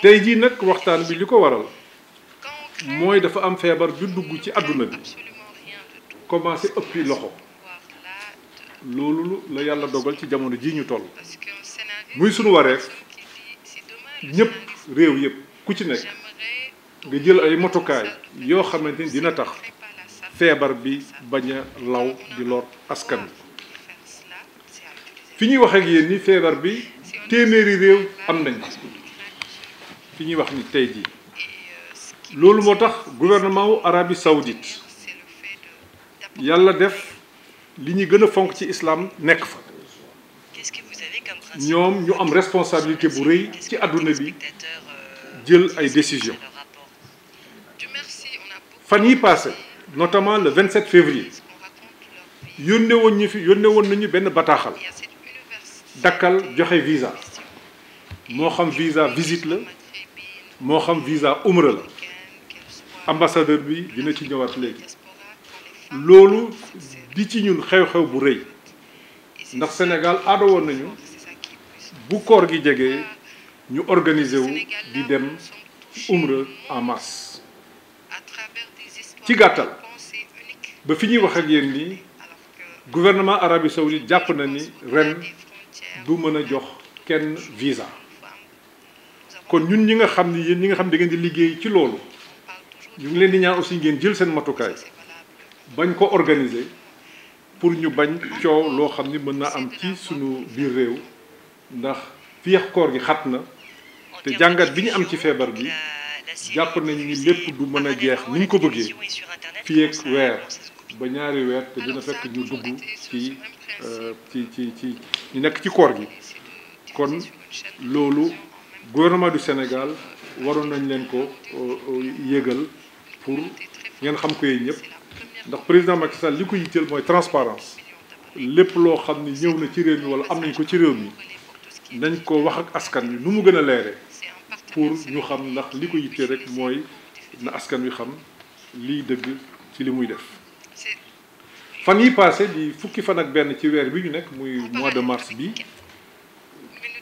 tey jii nag waxtaan bi li ko waral mooy dafa am feebar ju dugg ci àdduna bi commencé ëppi loxo loolu la yàlla dogal ci jamono jii ñu toll muy sunu wareef ñépp réew yépp ku ci nekk nga jël ay motukaay yoo xamante ni dina tax feebar bi bañ a law di lor askan wi fi ñuy wax ak yéen ni feebar bi téeméeri réew am nañ fini wax ni tay di lolou motax gouvernement wu Arabie Saoudite Yalla def li ñu gën fonk ci islam nek fa ñom ñu am responsabilité bu reuy ci aduna bi jël ay décisions fan yi passé notamment le 27 février yónnee won ñi fi yónnee won nañu ben bataaxal dakal joxe visa mo xam visa visite la moo xam visa umra la ambassadeur bi dina ci ñëwaat léegi loolu di ci ñun xew-xew bu rëy ndax Sénégal aada nañu bu koor gi jegee ñu organiser wu di dem umra en masse ci gàttal ba fi ñuy wax ak yéen nii gouvernement Arabie Saoudite jàpp na ni ren du mën a jox kenn visa kon ñun ñi nga xam ni yéen ñi nga xam da ngeen di liggéey ci loolu ñu ngi leen di ñaan aussi ngeen jël seen matukaay bañ ko organiser pour ñu bañ coow lo xam ni mën am ci sunu biir réew ndax korgi koor gi xat na te jàngat bi ñu am ci feebar bi jàpp nañ ni lépp du mën a jeex ni ñu ko bëggee fii weer ba ñaari weer te dina fekk ñu dugg ci euh, ci ci ci ñu nekk ci koor gi kon loolu gouvernement du Sénégal waroon nañ leen ko euh, yégal pour ngeen xam ko yéen ñëpp ndax président Macky Sall li ko yitteel mooy transparence lépp loo xam ni ñëw na ci réew mi wala am nañ ko ci réew mi nañ ko wax ak askan wi nu mu gën a leere pour ñu xam ndax li ko yitteel rek mooy na askan wi xam lii dëgg ci li muy def fan yi passé di fukki fan ak benn ci weer bi ñu nekk muy mois de mars bi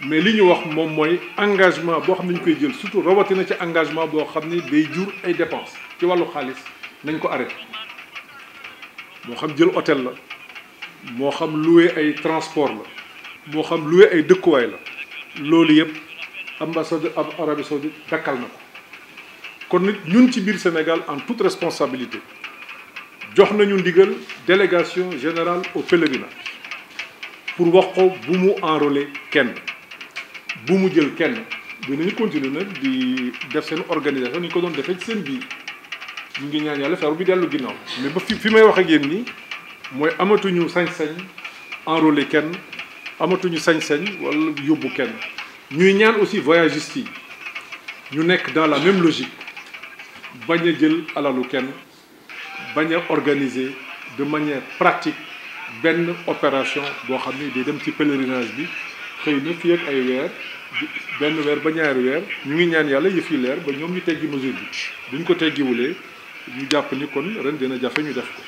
mais li ñu wax moom mooy engagement boo xam ne ñu koy jël surtout robotina ci engagement boo xam ni day jur ay dépenses ci wàllu xaalis nañ ko arrêté moo xam jël hôtel la moo xam louer ay transport la moo xam louer ay dëkkuwaay la loolu yëpp ambassade ab Arabie Saoudite dakkal na ko kon nit ñun ci biir Sénégal en toute responsabilité jox nañu ndigal délégation générale au pèlerinage pour wax ko bu mu enrôlé kenn bu mu jël kenn dinañu continuer nag di def seen organisation ni ñu ko doon defee ci seen biir ñu ngi ñaan yàlla feebar bi dellu ginnaaw mais ba fi fi may wax ak yéen nii mooy amatuñu sañ-sañ enrôler kenn amatuñu sañ-sañ wala yóbbu kenn ñuy ñaan aussi voyagistes yi ñu nekk dans la même logique bañ a jël alalu kenn bañ a organiser de manière pratique benn opération boo xam ni day dem ci pèlerinage bi xëy na fi ak ay weer benn weer ba ñaari weer ñu ngi ñaan yàlla yëf yi leer ba ñoom ñu teggi mesure bi duñ ko teggiwulee ñu jàpp ni kon ren dina jafe ñu def ko